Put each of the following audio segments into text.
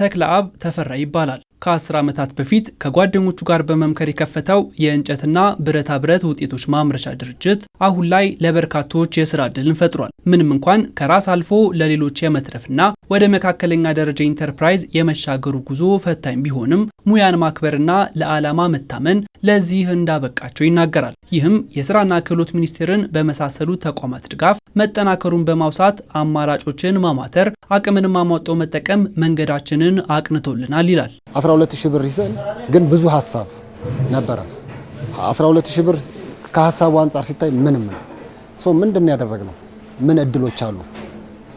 ተክለ አብ ተፈራ ይባላል። ከ10 ዓመታት በፊት ከጓደኞቹ ጋር በመምከር የከፈተው የእንጨትና ብረታ ብረት ውጤቶች ማምረቻ ድርጅት አሁን ላይ ለበርካቶች የስራ ዕድልን ፈጥሯል። ምንም እንኳን ከራስ አልፎ ለሌሎች የመትረፍና ወደ መካከለኛ ደረጃ ኢንተርፕራይዝ የመሻገሩ ጉዞ ፈታኝ ቢሆንም ሙያን ማክበርና ለዓላማ መታመን ለዚህ እንዳበቃቸው ይናገራል። ይህም የስራና ክህሎት ሚኒስቴርን በመሳሰሉ ተቋማት ድጋፍ መጠናከሩን በማውሳት አማራጮችን ማማተር፣ አቅምን ማሟጦ መጠቀም መንገዳችንን አቅንቶልናል ይላል። 12 ብር ይዘን ግን ብዙ ሀሳብ ነበረ። 12 ብር ከሀሳቡ አንጻር ሲታይ ምንም ነው። ምንድን ያደረግነው ምን እድሎች አሉ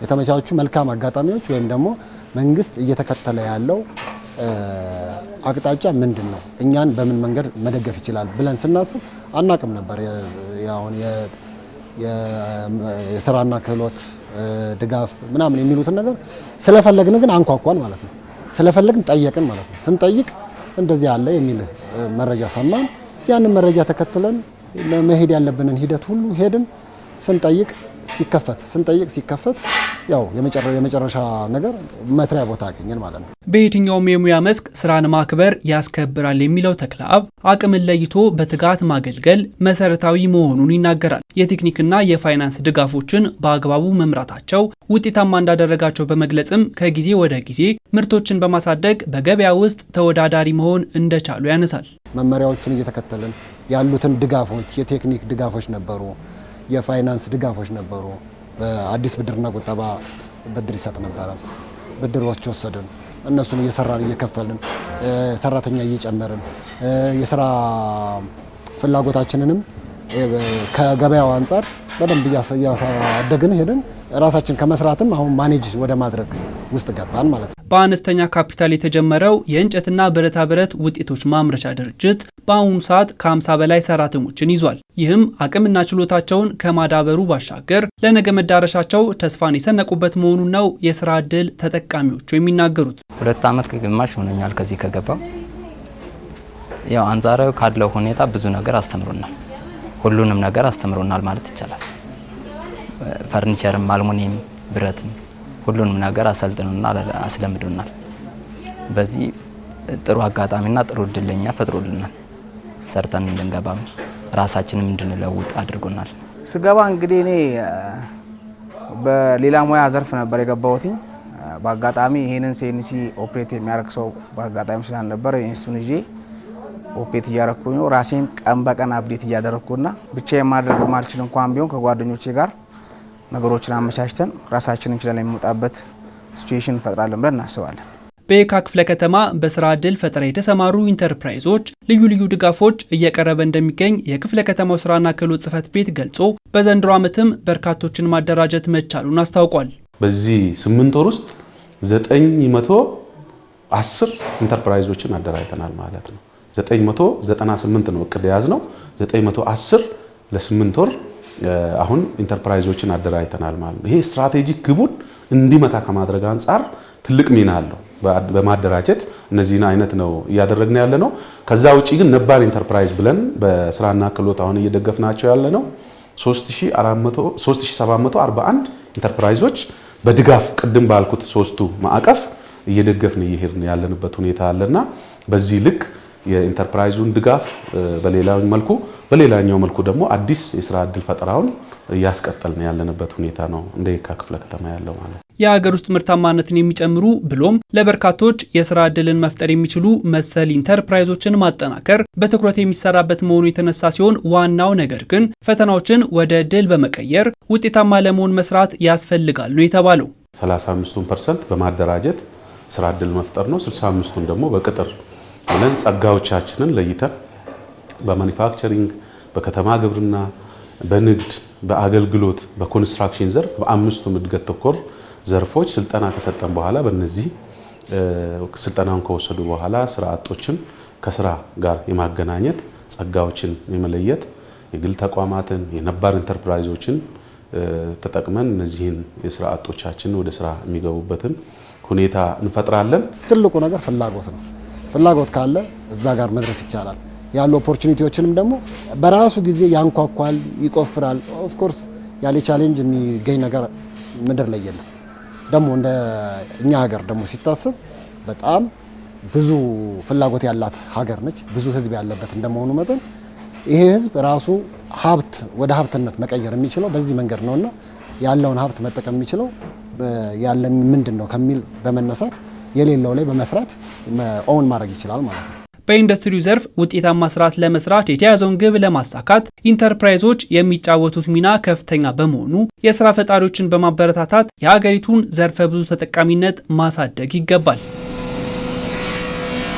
የተመቻቹ መልካም አጋጣሚዎች ወይም ደግሞ መንግስት እየተከተለ ያለው አቅጣጫ ምንድን ነው፣ እኛን በምን መንገድ መደገፍ ይችላል ብለን ስናስብ አናቅም ነበር። አሁን የስራና ክህሎት ድጋፍ ምናምን የሚሉትን ነገር ስለፈለግን ግን አንኳኳን ማለት ነው። ስለፈለግን ጠየቅን ማለት ነው። ስንጠይቅ እንደዚህ አለ የሚል መረጃ ሰማን። ያንን መረጃ ተከትለን መሄድ ያለብንን ሂደት ሁሉ ሄድን። ስንጠይቅ ሲከፈት ስንጠይቅ ሲከፈት ያው የመጨረሻ ነገር መትሪያ ቦታ ያገኘን ማለት ነው። በየትኛውም የሙያ መስክ ስራን ማክበር ያስከብራል የሚለው ተክለአብ አቅምን ለይቶ በትጋት ማገልገል መሰረታዊ መሆኑን ይናገራል። የቴክኒክና የፋይናንስ ድጋፎችን በአግባቡ መምራታቸው ውጤታማ እንዳደረጋቸው በመግለጽም ከጊዜ ወደ ጊዜ ምርቶችን በማሳደግ በገበያ ውስጥ ተወዳዳሪ መሆን እንደቻሉ ያነሳል። መመሪያዎቹን እየተከተልን ያሉትን ድጋፎች የቴክኒክ ድጋፎች ነበሩ የፋይናንስ ድጋፎች ነበሩ። በአዲስ ብድርና ቁጠባ ብድር ይሰጥ ነበረ። ብድሮች ወሰድን። እነሱን እየሰራን እየከፈልን ሰራተኛ እየጨመርን የስራ ፍላጎታችንንም ከገበያው አንጻር በደንብ እያሳደግን ሄድን። ራሳችን ከመስራትም አሁን ማኔጅ ወደ ማድረግ ውስጥ ገባን ማለት ነው። በአነስተኛ ካፒታል የተጀመረው የእንጨትና ብረታ ብረት ውጤቶች ማምረቻ ድርጅት በአሁኑ ሰዓት ከ50 በላይ ሰራተኞችን ይዟል። ይህም አቅምና ችሎታቸውን ከማዳበሩ ባሻገር ለነገ መዳረሻቸው ተስፋን የሰነቁበት መሆኑን ነው የስራ ዕድል ተጠቃሚዎቹ የሚናገሩት። ሁለት ዓመት ግማሽ ሆነኛል ከዚህ ከገባ ያው አንጻራዊ ካለው ሁኔታ ብዙ ነገር አስተምሮናል። ሁሉንም ነገር አስተምሮናል ማለት ይቻላል። ፈርኒቸርም፣ አልሙኒየም፣ ብረትም ሁሉንም ነገር አሰልጥኑና አስለምዱናል። በዚህ ጥሩ አጋጣሚና ጥሩ እድለኛ ፈጥሮልናል። ሰርተን እንድንገባም ራሳችንም እንድንለውጥ አድርጎናል። ስገባ እንግዲህ እኔ በሌላ ሙያ ዘርፍ ነበር የገባሁትኝ። በአጋጣሚ ይህንን ሴንሲ ኦፕሬት የሚያደርግ ሰው በአጋጣሚ ስላልነበር እሱን ይዤ ኦፕሬት እያደረግኩኝ ራሴን ቀን በቀን አብዴት እያደረግኩና ብቻ የማደርግ ማልችል እንኳን ቢሆን ከጓደኞቼ ጋር ነገሮችን አመቻችተን ራሳችን እንችለን የሚወጣበት ሲቹዌሽን እንፈጥራለን ብለን እናስባለን። በየካ ክፍለ ከተማ በስራ ዕድል ፈጠራ የተሰማሩ ኢንተርፕራይዞች ልዩ ልዩ ድጋፎች እየቀረበ እንደሚገኝ የክፍለ ከተማው ስራና ክህሎት ጽህፈት ቤት ገልጾ በዘንድሮ ዓመትም በርካቶችን ማደራጀት መቻሉን አስታውቋል። በዚህ ስምንት ወር ውስጥ ዘጠኝ መቶ አስር ኢንተርፕራይዞችን አደራጅተናል ማለት ነው። ዘጠኝ መቶ ዘጠና ስምንት ነው እቅድ የያዝ ነው። ዘጠኝ መቶ አስር ለስምንት ወር አሁን ኢንተርፕራይዞችን አደራጅተናል ማለት ነው። ይሄ ስትራቴጂክ ግቡን እንዲመታ ከማድረግ አንጻር ትልቅ ሚና አለው። በማደራጀት እነዚህን አይነት ነው እያደረግን ያለ ነው። ከዛ ውጭ ግን ነባር ኢንተርፕራይዝ ብለን በስራና ክህሎት አሁን እየደገፍናቸው ያለ ነው 3741 ኢንተርፕራይዞች በድጋፍ ቅድም ባልኩት ሶስቱ ማዕቀፍ እየደገፍን እየሄድን ያለንበት ሁኔታ አለና በዚህ ልክ የኢንተርፕራይዙን ድጋፍ በሌላ መልኩ በሌላኛው መልኩ ደግሞ አዲስ የስራ እድል ፈጠራውን እያስቀጠልን ያለንበት ሁኔታ ነው እንደ የካ ክፍለ ከተማ ያለው ማለት። የሀገር ውስጥ ምርታማነትን የሚጨምሩ ብሎም ለበርካቶች የስራ እድልን መፍጠር የሚችሉ መሰል ኢንተርፕራይዞችን ማጠናከር በትኩረት የሚሰራበት መሆኑ የተነሳ ሲሆን ዋናው ነገር ግን ፈተናዎችን ወደ ድል በመቀየር ውጤታማ ለመሆን መስራት ያስፈልጋል ነው የተባለው። 35ቱን ፐርሰንት በማደራጀት ስራ እድል መፍጠር ነው፣ 65ቱን ደግሞ በቅጥር ብለን ጸጋዎቻችንን ለይተን በማኒፋክቸሪንግ፣ በከተማ ግብርና፣ በንግድ፣ በአገልግሎት፣ በኮንስትራክሽን ዘርፍ በአምስቱም እድገት ተኮር ዘርፎች ስልጠና ከሰጠን በኋላ በእነዚህ ስልጠናውን ከወሰዱ በኋላ ስራ አጦችን ከስራ ጋር የማገናኘት ጸጋዎችን የመለየት የግል ተቋማትን የነባር ኢንተርፕራይዞችን ተጠቅመን እነዚህን የስራ አጦቻችን ወደ ስራ የሚገቡበትን ሁኔታ እንፈጥራለን። ትልቁ ነገር ፍላጎት ነው። ፍላጎት ካለ እዛ ጋር መድረስ ይቻላል። ያሉ ኦፖርቹኒቲዎችንም ደግሞ በራሱ ጊዜ ያንኳኳል፣ ይቆፍራል። ኦፍኮርስ ያለ ቻሌንጅ የሚገኝ ነገር ምድር ላይ የለም። ደግሞ እንደ እኛ ሀገር ደግሞ ሲታሰብ በጣም ብዙ ፍላጎት ያላት ሀገር ነች። ብዙ ህዝብ ያለበት እንደመሆኑ መጠን ይሄ ህዝብ ራሱ ሀብት ወደ ሀብትነት መቀየር የሚችለው በዚህ መንገድ ነውና ያለውን ሀብት መጠቀም የሚችለው ያለን ምንድን ነው ከሚል በመነሳት የሌለው ላይ በመስራት ኦን ማድረግ ይችላል ማለት ነው። በኢንዱስትሪው ዘርፍ ውጤታማ ስርዓት ለመስራት የተያዘውን ግብ ለማሳካት ኢንተርፕራይዞች የሚጫወቱት ሚና ከፍተኛ በመሆኑ የስራ ፈጣሪዎችን በማበረታታት የሀገሪቱን ዘርፈ ብዙ ተጠቃሚነት ማሳደግ ይገባል።